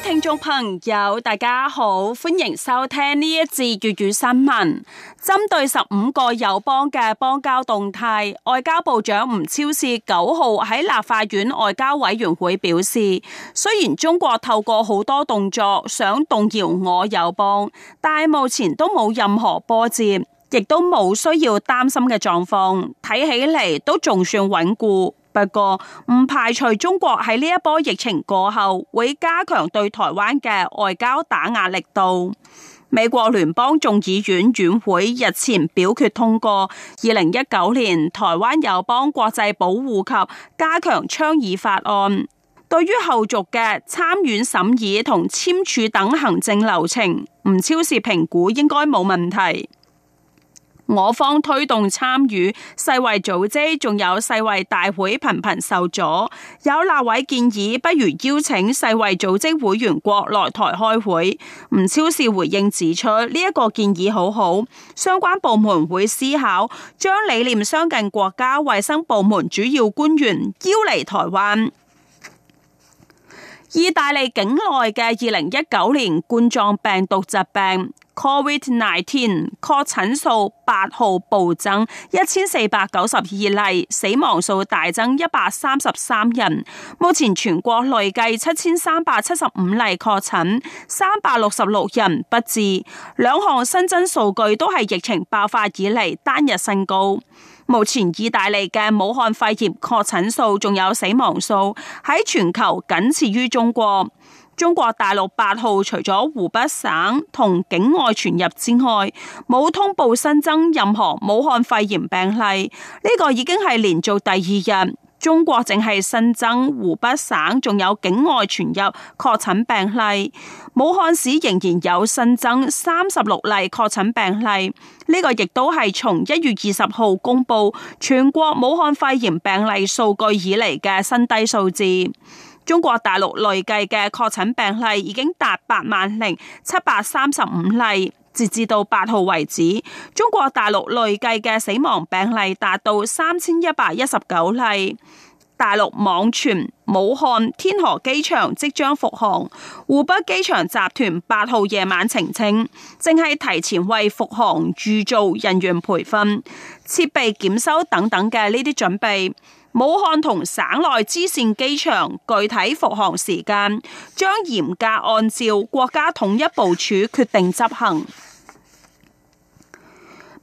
聽眾朋友，大家好，歡迎收聽呢一節粵語新聞。針對十五個友邦嘅邦交動態，外交部長吳釗燮九號喺立法院外交委員會表示，雖然中國透過好多動作想動搖我友邦，但係目前都冇任何波折，亦都冇需要擔心嘅狀況，睇起嚟都仲算穩固。不過唔排除中國喺呢一波疫情過後會加強對台灣嘅外交打壓力度。美國聯邦眾議院院會日前表決通過《二零一九年台灣友邦國際保護及加強倡議法案》，對於後續嘅參院審議同簽署等行政流程，吳釗燮評估應該冇問題。我方推動參與世衛組織，仲有世衛大會頻頻受阻。有立委建議，不如邀請世衛組織會員國來台開會。吳釗燮回應指出，呢一個建議好好，相關部門會思考將理念相近國家衛生部門主要官員邀嚟台灣。意大利境內嘅二零一九年冠狀病毒疾病 （Covid nineteen） 確診數八號暴增一千四百九十二例，死亡數大增一百三十三人。目前全國累計七千三百七十五例確診，三百六十六人不治。兩項新增數據都係疫情爆發以嚟單日新高。目前意大利嘅武漢肺炎確診數仲有死亡數，喺全球僅次於中國。中國大陸八號除咗湖北省同境外傳入之外，冇通報新增任何武漢肺炎病例，呢、這個已經係連續第二日。中國淨係新增湖北省，仲有境外傳入確診病例。武漢市仍然有新增三十六例確診病例，呢個亦都係從一月二十號公布全國武漢肺炎病例數據以嚟嘅新低數字。中國大陸累計嘅確診病例已經達八萬零七百三十五例。截至到八號為止，中國大陸累計嘅死亡病例達到三千一百一十九例。大陸網傳武漢天河機場即將復航，湖北機場集團八號夜晚澄清，正係提前為復航預做人員培訓、設備檢修等等嘅呢啲準備。武漢同省內支線機場具體復航時間，將嚴格按照國家統一部署決定執行。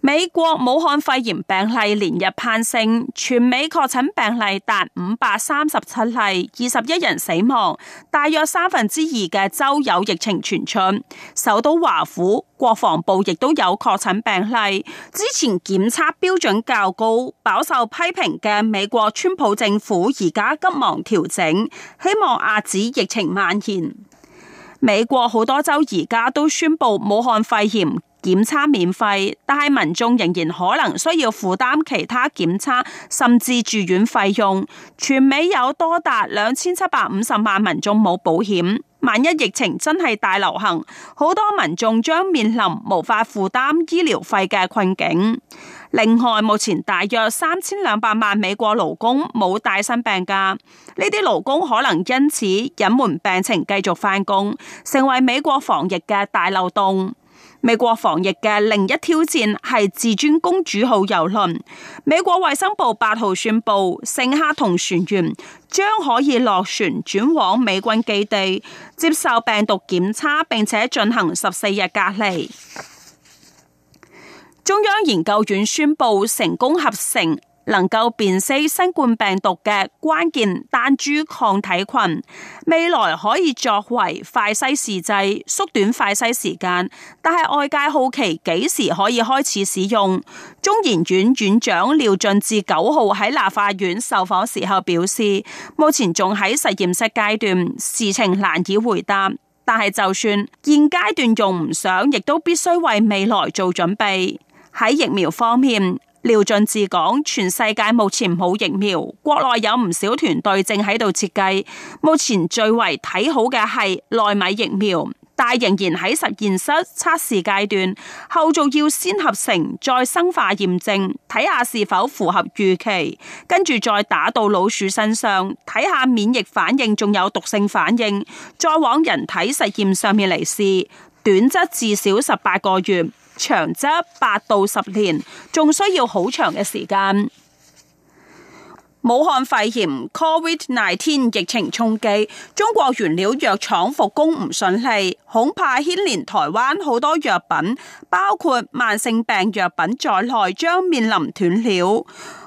美國武漢肺炎病例連日攀升，全美確診病例達五百三十七例，二十一人死亡。大約三分之二嘅州有疫情傳進，首都華府、國防部亦都有確診病例。之前檢測標準較高，飽受批評嘅美國川普政府而家急忙調整，希望遏止疫情蔓延。美國好多州而家都宣布武漢肺炎檢測免費，但係民眾仍然可能需要負擔其他檢測甚至住院費用。全美有多達兩千七百五十萬民眾冇保險，萬一疫情真係大流行，好多民眾將面臨無法負擔醫療費嘅困境。另外，目前大約三千兩百萬美國勞工冇帶薪病假，呢啲勞工可能因此隱瞞病情繼續返工，成為美國防疫嘅大漏洞。美國防疫嘅另一挑戰係至尊公主號郵輪。美國衛生部八號宣布，乘客同船員將可以落船，轉往美軍基地，接受病毒檢測，並且進行十四日隔離。中央研究院宣布成功合成，能夠辨識新冠病毒嘅關鍵單株抗體群，未來可以作為快篩試劑，縮短快篩時間。但係外界好奇幾時可以開始使用？中研院院長廖俊智九號喺立法院受訪時候表示，目前仲喺實驗室階段，事情難以回答。但係就算現階段用唔上，亦都必須為未來做準備。喺疫苗方面，廖俊智講：全世界目前冇疫苗，國內有唔少團隊正喺度設計。目前最為睇好嘅係奈米疫苗，但仍然喺實驗室測試階段，後續要先合成再生化驗證，睇下是否符合預期，跟住再打到老鼠身上，睇下免疫反應仲有毒性反應，再往人體實驗上面嚟試，短則至少十八個月。長則八到十年，仲需要好長嘅時間。武漢肺炎 （COVID-19） 疫情衝擊，中國原料藥廠復工唔順利，恐怕牽連台灣好多藥品，包括慢性病藥品在內，將面臨斷料。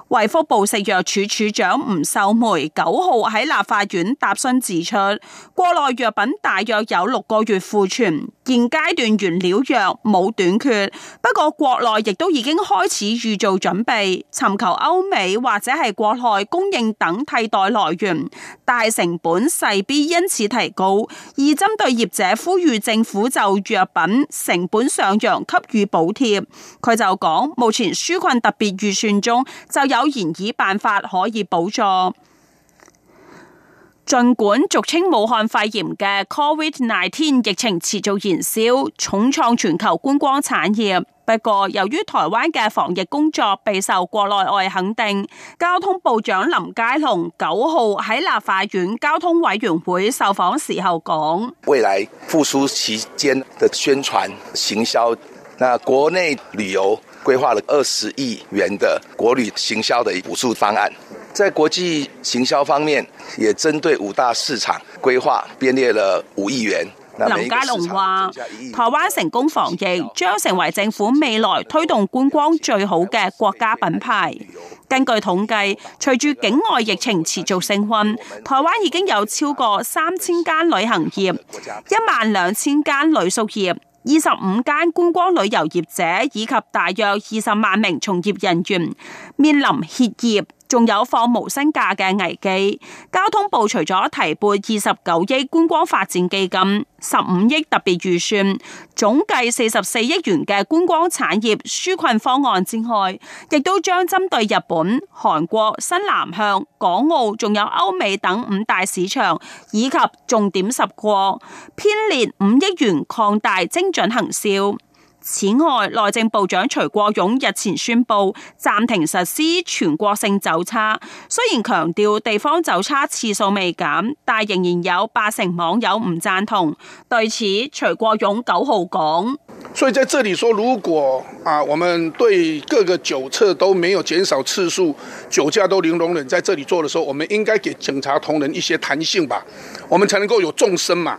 衛福部食藥署署長吳秀梅九號喺立法院答詢指出，國內藥品大約有六個月庫存。現階段原料藥冇短缺，不過國內亦都已經開始預做準備，尋求歐美或者係國內供應等替代來源，大成本勢必因此提高。而針對業者呼籲政府就藥品成本上揚給予補貼，佢就講目前紓困特別預算中就有研議辦法可以補助。盡管俗稱武漢肺炎嘅 Covid nineteen 疫情持續燃燒，重創全球觀光產業。不過，由於台灣嘅防疫工作備受國內外肯定，交通部長林佳龍九號喺立法院交通委員會受訪時候講：未來復蘇期間的宣傳行銷，那國內旅遊規劃了二十億元的國旅行銷的補助方案。在國際行銷方面，也針對五大市場規劃編列了五億元。林佳龍話：台灣成功防疫，將成為政府未來推動觀光最好嘅國家品牌。根據統計，隨住境外疫情持續升温，台灣已經有超過三千間旅行業、一萬兩千間旅宿業、二十五間觀光旅遊業者以及大約二十萬名從業人員面臨歇業。仲有放無薪假嘅危機，交通部除咗提撥二十九億觀光發展基金、十五億特別預算，總計四十四億元嘅觀光產業紓困方案之外，亦都將針對日本、韓國、新南向、港澳，仲有歐美等五大市場以及重點十國，編列五億元擴大精準行銷。此外，內政部長徐國勇日前宣布暫停實施全國性酒測。雖然強調地方酒測次數未減，但仍然有八成網友唔贊同。對此，徐國勇九號講：所以在這裡說，如果啊，我們對各個酒測都沒有減少次數，酒駕都零容忍，在這裡做的時候，我們應該給警察同仁一些彈性吧，我們才能夠有掌聲嘛。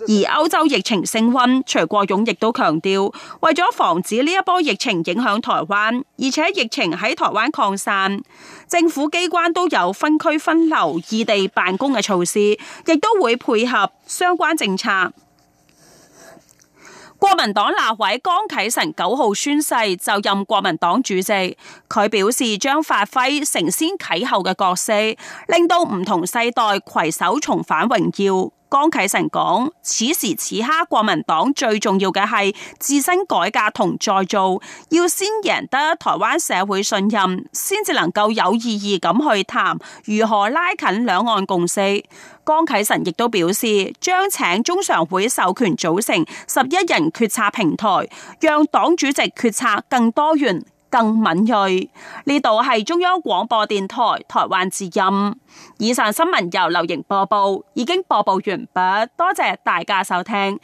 而歐洲疫情升温，徐國勇亦都強調，為咗防止呢一波疫情影響台灣，而且疫情喺台灣擴散，政府機關都有分區分流、異地辦公嘅措施，亦都會配合相關政策。國民黨立委江啟臣九號宣誓就任國民黨主席，佢表示將發揮承先啟後嘅角色，令到唔同世代携手重返榮耀。江啟臣講：此時此刻，國民黨最重要嘅係自身改革同再造，要先贏得台灣社會信任，先至能夠有意義咁去談如何拉近兩岸共識。江啟臣亦都表示，將請中常會授權組成十一人決策平台，讓黨主席決策更多元、更敏銳。呢度係中央廣播電台台灣之音。以上新聞由劉瑩播報，已經播報完畢，多謝大家收聽。